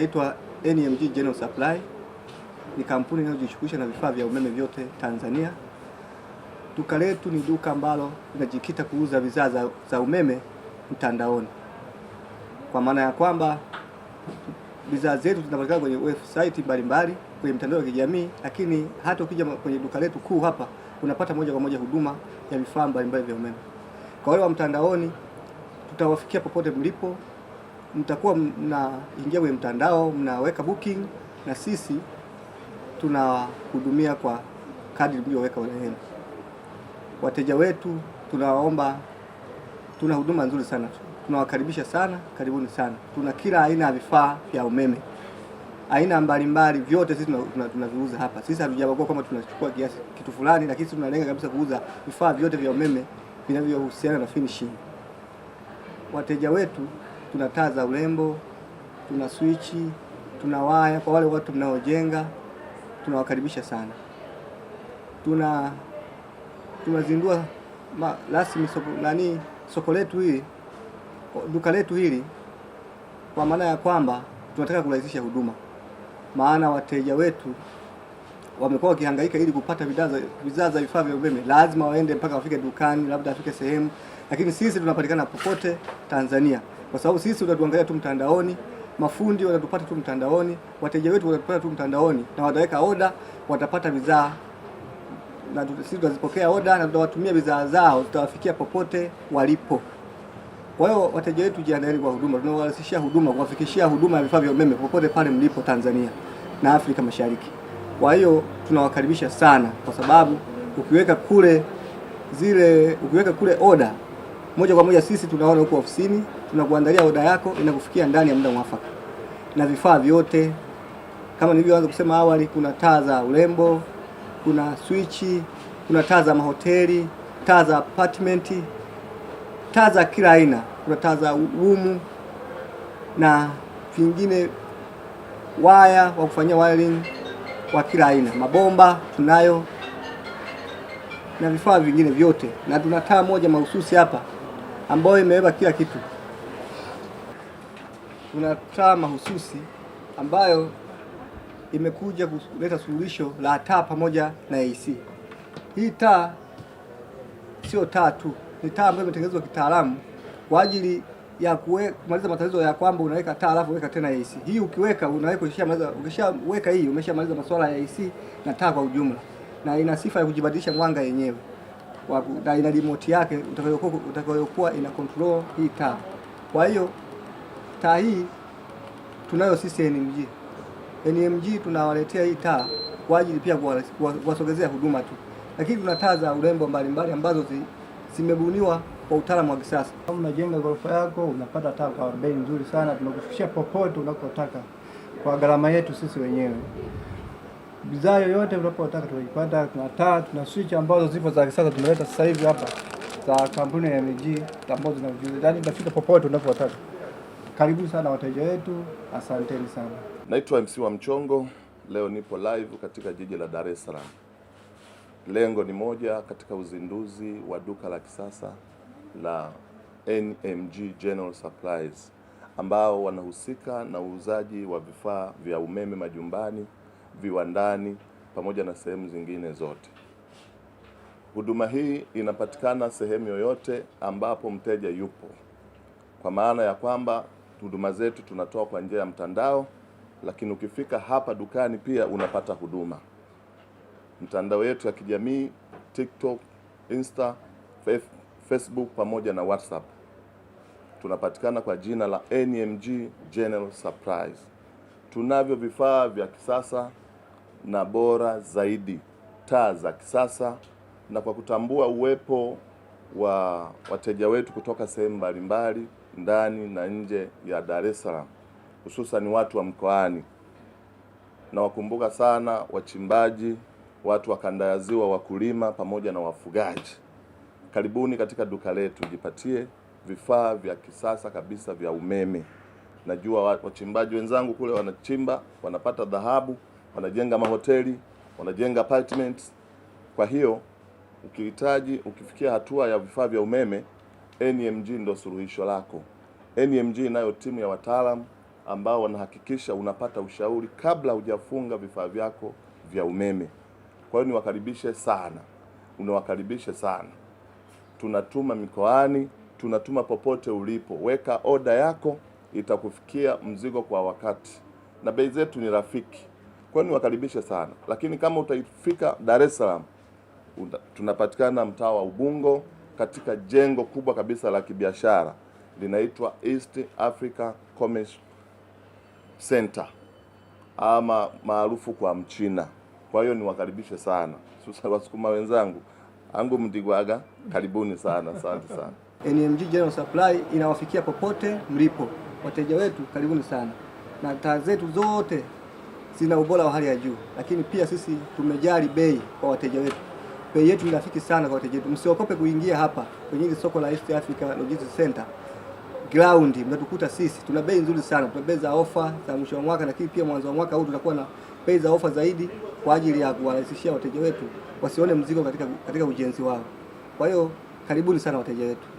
inaitwa NMG General Supply, ni kampuni inayojishughulisha na vifaa vya umeme vyote Tanzania. Duka letu ni duka ambalo linajikita kuuza bidhaa za, za umeme mtandaoni, kwa maana ya kwamba bidhaa zetu zinapatikana kwenye website mbalimbali, kwenye mtandao wa kijamii, lakini hata ukija kwenye duka letu kuu hapa unapata moja kwa moja huduma ya vifaa mbalimbali vya umeme. Kwa wale wa mtandaoni, tutawafikia popote mlipo mtakuwa mnaingia kwenye mtandao, mnaweka booking na sisi tunahudumia kwa kadri mlioweka wenu. Wateja wetu tunawaomba, tuna huduma nzuri sana, tunawakaribisha sana, karibuni sana. Tuna kila aina ya vifaa vya umeme aina mbalimbali, vyote sisi tunaviuza hapa. Sisi hatujabagua kwamba tunachukua kiasi kitu fulani, lakini sisi tunalenga kabisa kuuza vifaa vyote vya umeme vinavyohusiana na finishing. Wateja wetu tuna taa za urembo, tuna swichi, tuna waya kwa wale watu mnaojenga, tunawakaribisha sana. Tuna tunazindua rasmi soko, nani soko letu hili duka letu hili, kwa maana ya kwamba tunataka kurahisisha huduma, maana wateja wetu wamekuwa wakihangaika ili kupata bidhaa za vifaa vya umeme, lazima waende mpaka wafike dukani, labda afike sehemu, lakini sisi tunapatikana popote Tanzania kwa sababu sisi unatuangalia tu mtandaoni, mafundi watatupata tu mtandaoni, wateja wetu watatupata tu mtandaoni, na wataweka oda, watapata bidhaa na sisi tutazipokea oda na tutawatumia bidhaa zao, tutawafikia popote walipo. Kwa hiyo wateja wetu, jiandaeni kwa huduma, tunawarahisishia huduma, kuwafikishia huduma ya vifaa vya umeme popote pale mlipo Tanzania na Afrika Mashariki. Kwa hiyo tunawakaribisha sana, kwa sababu ukiweka kule zile, ukiweka kule oda moja kwa moja sisi tunaona huko ofisini, tunakuandalia oda yako, inakufikia ndani ya muda mwafaka na vifaa vyote. Kama nilivyoanza kusema awali, kuna taa za urembo, kuna swichi, kuna taa za mahoteli, taa za apartment, taa za kila aina, kuna taa za umu na vingine, waya wa kufanyia wiring wa kila aina, mabomba tunayo na vifaa vingine vyote, na tuna taa moja mahususi hapa ambayo imebeba kila kitu. Kuna taa mahususi ambayo imekuja kuleta suluhisho la taa pamoja na AC. Hii taa sio taa tu, ni taa ambayo imetengenezwa kitaalamu kwa ajili ya kuwe, kumaliza matatizo ya kwamba unaweka taa alafu weka tena AC. Hii ukiweka unaweka ukishaweka hii umeshamaliza masuala ya AC na taa kwa ujumla, na ina sifa ya kujibadilisha mwanga yenyewe na ina remote yake utakayokuwa ina control hii taa. Kwa hiyo taa hii tunayo sisi NMG. NMG tunawaletea hii taa kwa ajili pia kuwasogezea huduma tu, lakini tuna taa za urembo mbalimbali ambazo zimebuniwa zi kwa utaalamu wa kisasa. Kama unajenga ghorofa yako unapata taa kwa bei nzuri sana, tunakufikishia popote unakotaka kwa gharama yetu sisi wenyewe bidhaa yoyote unapotaka tunaipata. Tuna taa, tuna switch ambazo zipo za kisasa tumeleta sasa hivi hapa za kampuni ya MG ambazo zina ujuzi, yaani utafika popote unapotaka. Karibu sana wateja wetu, asanteni sana. Naitwa MC wa Mchongo. Leo nipo live katika jiji la Dar es Salaam. Lengo ni moja katika uzinduzi wa duka la kisasa la NMG General Supplies ambao wanahusika na uuzaji wa vifaa vya umeme majumbani viwandani pamoja na sehemu zingine zote. Huduma hii inapatikana sehemu yoyote ambapo mteja yupo, kwa maana ya kwamba huduma zetu tunatoa kwa njia ya mtandao, lakini ukifika hapa dukani pia unapata huduma. Mtandao wetu ya kijamii TikTok, Insta, Facebook pamoja na WhatsApp tunapatikana kwa jina la NMG General Surprise. Tunavyo vifaa vya kisasa na bora zaidi, taa za kisasa, na kwa kutambua uwepo wa wateja wetu kutoka sehemu mbalimbali ndani na nje ya Dar es Salaam, hususan watu wa mkoani. Nawakumbuka sana wachimbaji, watu wa kanda ya Ziwa, wakulima pamoja na wafugaji. Karibuni katika duka letu, jipatie vifaa vya kisasa kabisa vya umeme. Najua wachimbaji wenzangu kule wanachimba, wanapata dhahabu wanajenga mahoteli, wanajenga apartments. Kwa hiyo ukihitaji, ukifikia hatua ya vifaa vya umeme, NMG ndo suluhisho lako. NMG inayo timu ya wataalamu ambao wanahakikisha unapata ushauri kabla hujafunga vifaa vyako vya umeme. Kwa hiyo niwakaribishe sana, unawakaribishe sana. Tunatuma mikoani, tunatuma popote ulipo. Weka oda yako, itakufikia mzigo kwa wakati, na bei zetu ni rafiki. Kwa hiyo niwakaribishe sana, lakini kama utaifika Dar es Salaam, tunapatikana mtaa wa Ubungo katika jengo kubwa kabisa la kibiashara linaitwa East Africa Commerce Center ama maarufu kwa Mchina. Kwa hiyo niwakaribishe sana sasa, wasukuma wenzangu angu mdigwaga karibuni sana, asante sana. NMG General Supply inawafikia popote mlipo, wateja wetu karibuni sana, na taa zetu zote zina ubora wa hali ya juu, lakini pia sisi tumejali bei kwa wateja wetu. Bei yetu ni rafiki sana kwa wateja wetu, msiogope kuingia hapa kwenye hili soko la East Africa Logistics Center ground. Mtatukuta sisi tuna bei nzuri sana, tuna bei za ofa za mwisho wa mwaka, lakini pia mwanzo wa mwaka huu tutakuwa na bei za ofa zaidi kwa ajili ya kuwarahisishia wateja wetu wasione mzigo katika, katika ujenzi wao. Kwa hiyo karibuni sana wateja wetu.